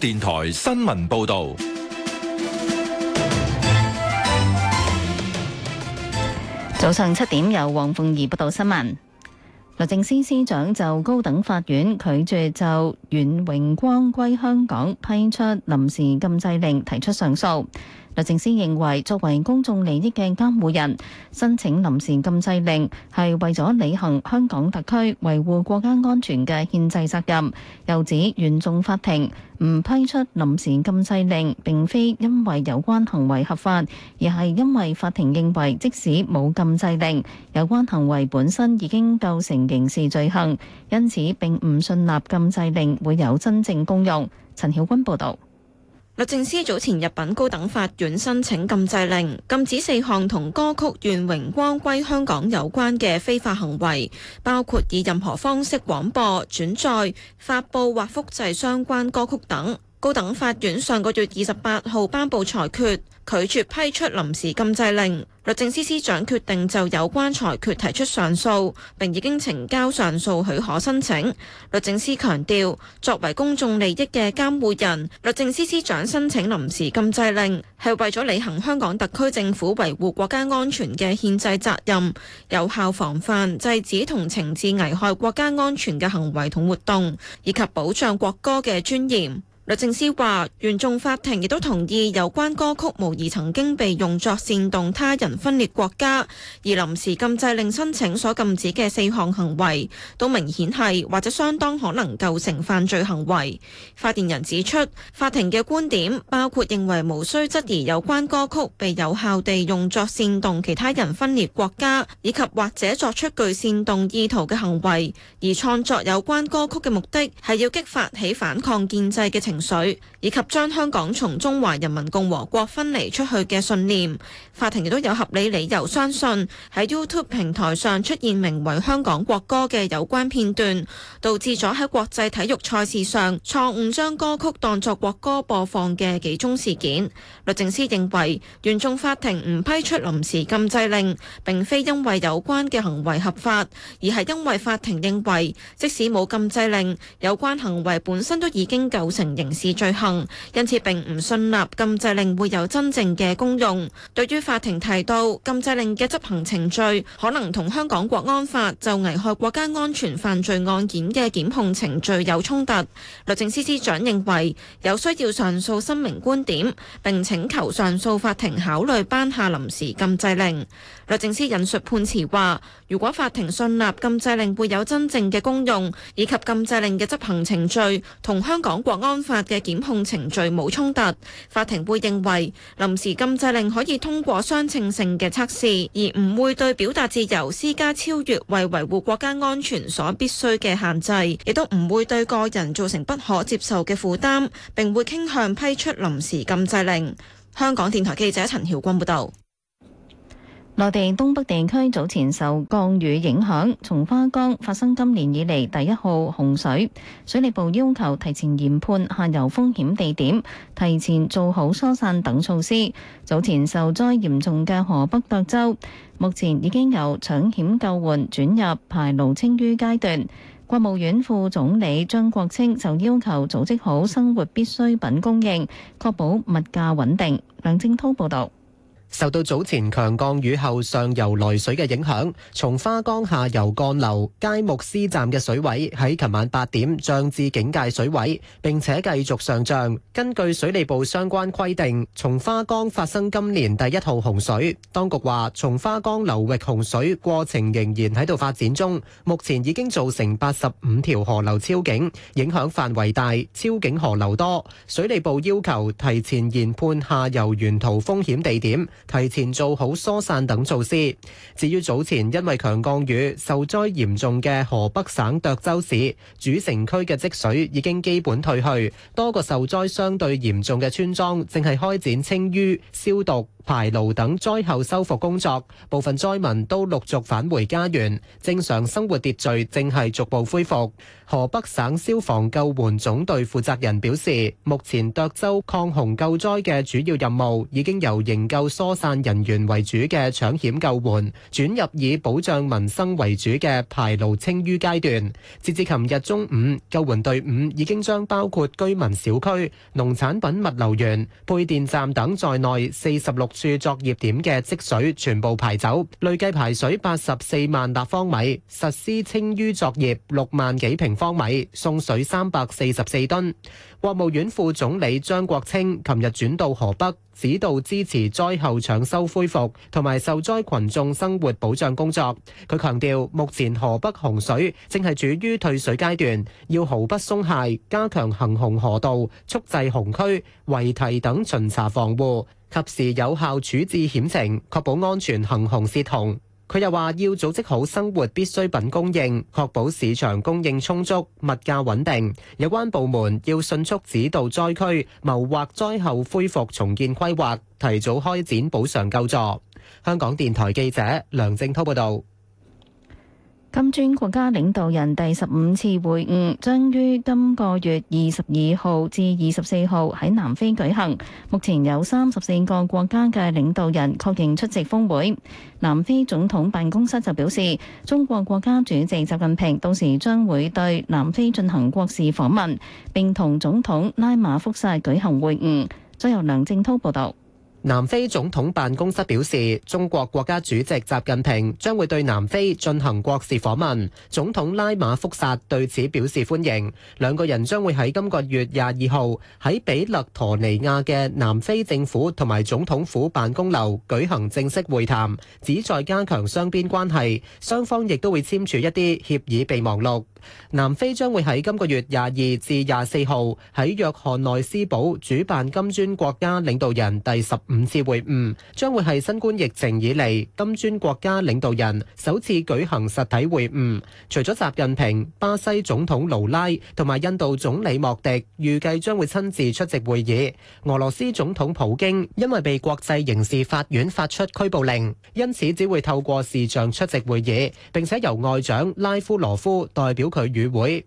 電台新聞報道，早上七點由黃鳳儀報道新聞。律政司司長就高等法院拒絕就願榮光歸香港批出臨時禁制令提出上訴。律政司認為，作為公眾利益嘅監護人，申請臨時禁制令係為咗履行香港特區維護國家安全嘅憲制責任。又指，原訟法庭唔批出臨時禁制令，並非因為有關行為合法，而係因為法庭認為，即使冇禁制令，有關行為本身已經構成刑事罪行，因此並唔信納禁制令會有真正功用。陳曉君報導。律政司早前入稟高等法院申請禁制令，禁止四項同歌曲《願榮光歸香港》有關嘅非法行為，包括以任何方式廣播、轉載、發布或複製相關歌曲等。高等法院上個月二十八號頒布裁決，拒絕批出臨時禁制令。律政司司長決定就有關裁決提出上訴，並已經呈交上訴許可申請。律政司強調，作為公眾利益嘅監護人，律政司司長申請臨時禁制令係為咗履行香港特區政府維護國家安全嘅憲制責任，有效防範制止同懲治危害國家安全嘅行為同活動，以及保障國歌嘅尊嚴。律政司話，原訟法庭亦都同意有關歌曲無疑曾經被用作煽動他人分裂國家，而臨時禁制令申請所禁止嘅四項行為都明顯係或者相當可能構成犯罪行為。發言人指出，法庭嘅觀點包括認為無需質疑有關歌曲被有效地用作煽動其他人分裂國家，以及或者作出具煽動意圖嘅行為，而創作有關歌曲嘅目的係要激發起反抗建制嘅情水以及將香港從中華人民共和國分離出去嘅信念，法庭亦都有合理理由相信喺 YouTube 平台上出現名為《香港國歌》嘅有關片段，導致咗喺國際體育賽事上錯誤將歌曲當作國歌播放嘅幾宗事件。律政司認為，原訟法庭唔批出臨時禁制令，並非因為有關嘅行為合法，而係因為法庭認為，即使冇禁制令，有關行為本身都已經構成刑。刑事罪行，因此並唔信納禁制令會有真正嘅功用。對於法庭提到禁制令嘅執行程序，可能同香港國安法就危害國家安全犯罪案件嘅檢控程序有衝突。律政司司長認為有需要上訴申明觀點，並請求上訴法庭考慮頒下臨時禁制令。律政司引述判詞話：如果法庭信納禁制令會有真正嘅功用，以及禁制令嘅執行程序同香港國安法嘅檢控程序冇衝突，法庭會認為臨時禁制令可以通過相稱性嘅測試，而唔會對表達自由施加超越為維護國家安全所必須嘅限制，亦都唔會對個人造成不可接受嘅負擔，並會傾向批出臨時禁制令。香港電台記者陳曉君報道。內地東北地區早前受降雨影響，松花江發生今年以嚟第一號洪水。水利部要求提前研判下游風險地點，提前做好疏散等措施。早前受災嚴重嘅河北德州，目前已經由搶險救援轉入排澇清淤階段。國務院副總理張國清就要求組織好生活必需品供應，確保物價穩定。梁正滔報導。受到早前強降雨後上游來水嘅影響，松花江下游幹流佳木斯站嘅水位喺琴晚八點漲至警戒水位，並且繼續上漲。根據水利部相關規定，松花江發生今年第一號洪水。當局話，松花江流域洪水過程仍然喺度發展中，目前已經造成八十五條河流超警，影響範圍大，超警河流多。水利部要求提前研判下游沿途風險地點。提前做好疏散等措施。至於早前因為強降雨受災嚴重嘅河北省涿州市，主城區嘅積水已經基本退去，多個受災相對嚴重嘅村莊正係開展清淤消毒、排澇等災後修復工作，部分災民都陸續返回家園，正常生活秩序正係逐步恢復。河北省消防救援總隊負責人表示，目前涿州抗洪救災嘅主要任務已經由營救疏散人員為主嘅搶險救援，轉入以保障民生為主嘅排澇清淤階段。截至琴日中午，救援隊伍已經將包括居民小區、農產品物流園，配電站等在內四十六。樹作業點嘅積水全部排走，累計排水八十四萬立方米，實施清淤作業六萬幾平方米，送水三百四十四噸。國務院副總理張國清琴日轉到河北，指導支持災後搶修恢復同埋受災群眾生活保障工作。佢強調，目前河北洪水正係處於退水階段，要毫不鬆懈，加強行洪河道、蓄滯洪區、圍堤等巡查防護。及時有效處置險情，確保安全行洪洩洪。佢又話要組織好生活必需品供應，確保市場供應充足、物價穩定。有關部門要迅速指導災區謀劃災後恢復重建規劃，提早開展補償救助。香港電台記者梁正滔報道。金磚國家領導人第十五次會晤將於今個月二十二號至二十四號喺南非舉行，目前有三十四個國家嘅領導人確認出席峰會。南非總統辦公室就表示，中國國家主席習近平到時將會對南非進行國事訪問，並同總統拉馬福薩舉行會晤。再由梁正濤報導。南非總統辦公室表示，中國國家主席習近平將會對南非進行國事訪問。總統拉馬福薩對此表示歡迎。兩個人將會喺今個月廿二號喺比勒陀尼亞嘅南非政府同埋總統府辦公樓舉行正式會談，旨在加強雙邊關係。雙方亦都會簽署一啲協議備忘錄。南非將會喺今個月廿二至廿四號喺約翰內斯堡主辦金磚國家領導人第十五次會晤，將會係新冠疫情以嚟金磚國家領導人首次舉行實體會晤。除咗習近平、巴西總統盧拉同埋印度總理莫迪，預計將會親自出席會議。俄羅斯總統普京因為被國際刑事法院發出拘捕令，因此只會透過視像出席會議，並且由外長拉夫羅夫代表佢與會。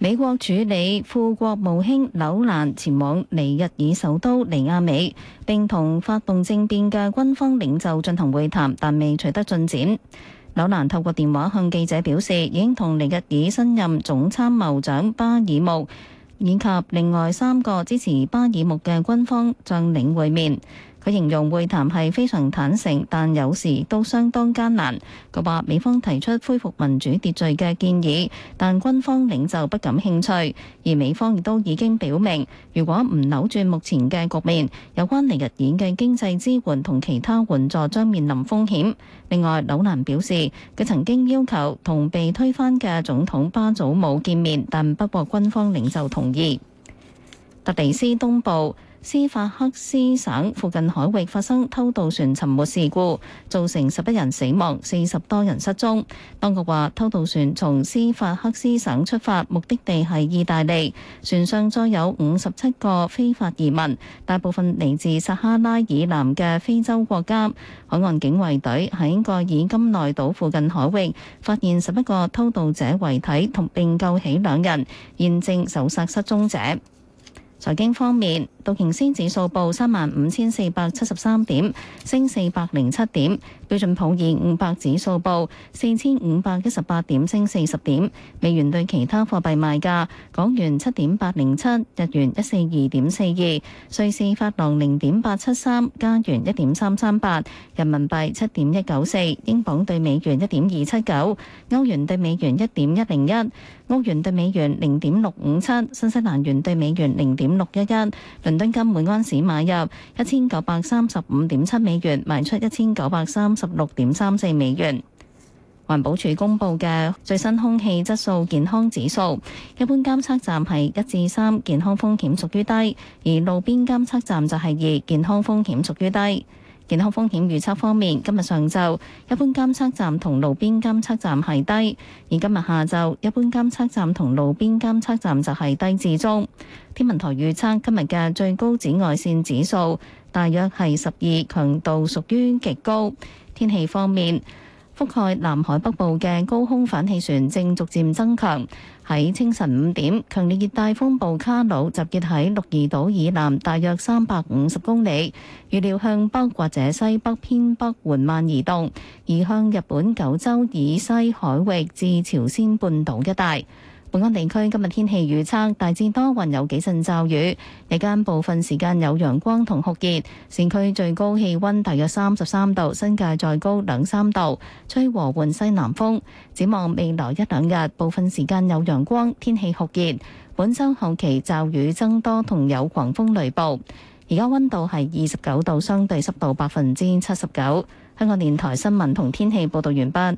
美國署理副國務卿紐蘭前往尼日爾首都尼亞美，並同發動政變嘅軍方領袖進行會談，但未取得進展。紐蘭透過電話向記者表示，已經同尼日爾新任總參謀長巴爾木，以及另外三個支持巴爾木嘅軍方將領會面。佢形容會談係非常坦誠，但有時都相當艱難。佢話美方提出恢復民主秩序嘅建議，但軍方領袖不感興趣。而美方亦都已經表明，如果唔扭轉目前嘅局面，有關尼日爾嘅經濟支援同其他援助將面臨風險。另外，紐蘭表示，佢曾經要求同被推翻嘅總統巴祖姆見面，但不獲軍，軍方領袖同意。特尼斯東部斯法克斯省附近海域發生偷渡船沉沒事故，造成十一人死亡、四十多人失蹤。當局話，偷渡船從斯法克斯省出發，目的地係意大利，船上載有五十七個非法移民，大部分嚟自撒哈拉以南嘅非洲國家。海岸警衛隊喺蓋爾金內島附近海域發現十一個偷渡者遺體，同並救起兩人，現正搜索失蹤者。財經方面，道瓊斯指數報3萬五千四百七十三點，升四百零七點；標準普爾500指數報四千五百一十八點，升四十點。美元對其他貨幣賣價：港元七點八零七，日元一四二點四二，瑞士法郎零點八七三，加元一點三三八，人民幣七點一九四，英鎊對美元一點二七九，歐元對美元一點一零一。澳元對美元零點六五七，新西蘭元對美元零點六一一，倫敦金每安士買入一千九百三十五點七美元，賣出一千九百三十六點三四美元。環保署公佈嘅最新空氣質素健康指數，一般監測站係一至三，健康風險屬於低；而路邊監測站就係二，健康風險屬於低。健康風險預測方面，今日上晝一般監測站同路邊監測站係低，而今日下晝一般監測站同路邊監測站就係低至中。天文台預測今日嘅最高紫外線指數大約係十二，強度屬於極高。天氣方面。覆蓋南海北部嘅高空反氣旋正逐漸增強。喺清晨五點，強烈熱帶風暴卡努集結喺鹿兒島以南大約三百五十公里，預料向北或者西北偏北緩慢移動，移向日本九州以西海域至朝鮮半島一帶。本港地區今日天氣預測，大致多雲，有幾陣驟雨。日間部分時間有陽光同酷熱，市區最高氣溫大約三十三度，新界再高兩三度，吹和緩西南風。展望未來一兩日，部分時間有陽光，天氣酷熱，本周後期驟雨增多，同有狂風雷暴。而家溫度係二十九度，相對濕度百分之七十九。香港電台新聞同天氣報道完畢。